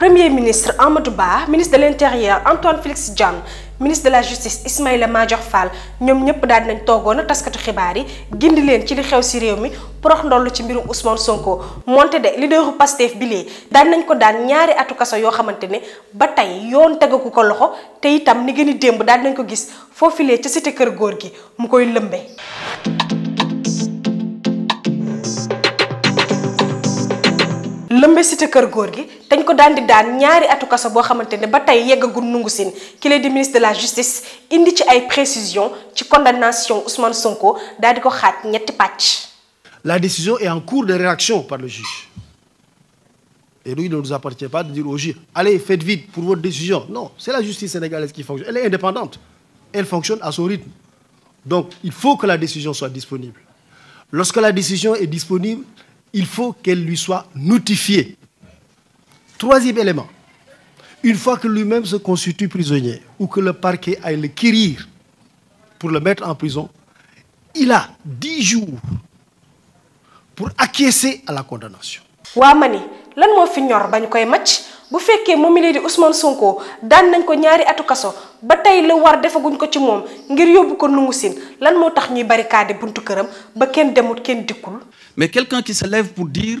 premier ministre Amadou Ba ministre de l'intérieur Antoine Félix Jean, ministre de la justice Ismaïla Major, Fall ñom ñëpp daal nañ togon taskatu xibaar yi gindi leen ci li xew ci réew mi Ousmane Sonko de leaderu Pastef bi ko daan ñaari atu kaso ba tey yoon ko loxo te itam ni gëni demb daal gis cité gi mu koy cité la décision est en cours de réaction par le juge. Et nous, il ne nous appartient pas de dire au juge, allez, faites vite pour votre décision. Non, c'est la justice sénégalaise qui fonctionne. Elle est indépendante. Elle fonctionne à son rythme. Donc, il faut que la décision soit disponible. Lorsque la décision est disponible, il faut qu'elle lui soit notifiée. Troisième élément, une fois que lui-même se constitue prisonnier ou que le parquet aille le quérir pour le mettre en prison, il a dix jours pour acquiescer à la condamnation. Wa mani, lan mo fi ñor bañ koy màcc bu fekkee momilé di Ousmane Sonko daan nañ ko ñaari atu ba tay la war defaguñ ko ci mom ngir yóbbu ko nungu sin lan mo tax ñuy barricader buntu kërëm ba kenn demut kenn dikul mais quelqu'un qui se lève pour dire.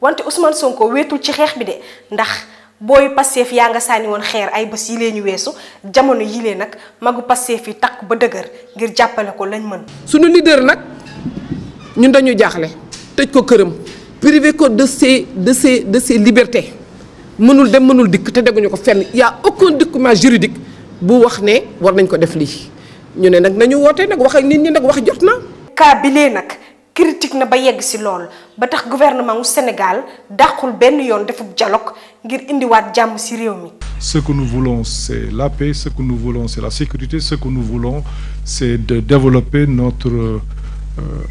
wante Ousmane Sonko weetul ci xeex bi de ndax booy Pastef yaa nga sànni woon xeer ay bés yi lee ñu weesu jamono yi lee nag magu Pastef yi takk ba dëgër ngir jàppale ko lañ mën. suñu leader nag ñun dañu jaaxle tëj ko këram privé ko de ses de liberté mënul dem mënul dikk te dégguñu ko fenn y a aucun document juridique bu wax ne war nañ ko def lii ñu ne nag nañu wootee nag wax ak nit ñi nag wax jot na. cas bi lee nag critique na ba yegg si lool. ba gouvernement du Sénégal dàqul benn yoon defub dialogue ngir indiwaat jàmm ci réew ce que nous voulons c'est la paix ce que nous voulons c'est la sécurité ce que nous voulons c'est de développer notre euh,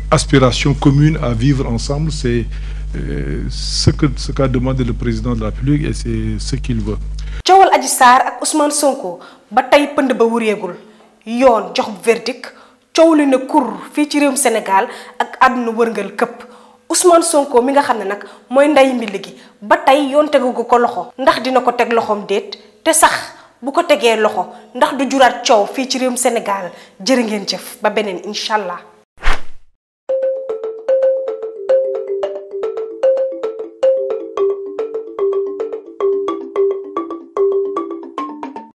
aspiration commune à vivre ensemble c'est euh, ce que ce qu'a demandé le président de la République et c'est ce qu'il veut. coowal Adji Sarr ak Ousmane Sonko ba tay pënd ba wuregul yoon jox verdict coow ne kur fii ci réewum Sénégal ak àdduna wërngal kep Ousmane Sonko mi nga xam ne nag mooy nday mbill gi ba tey yoon tegu ko loxo ndax dina ko teg loxoom déet te sax bu ko tegee loxo ndax du juraat coow fii ci réewum Sénégal jërë ngeen jëf ba beneen incha allah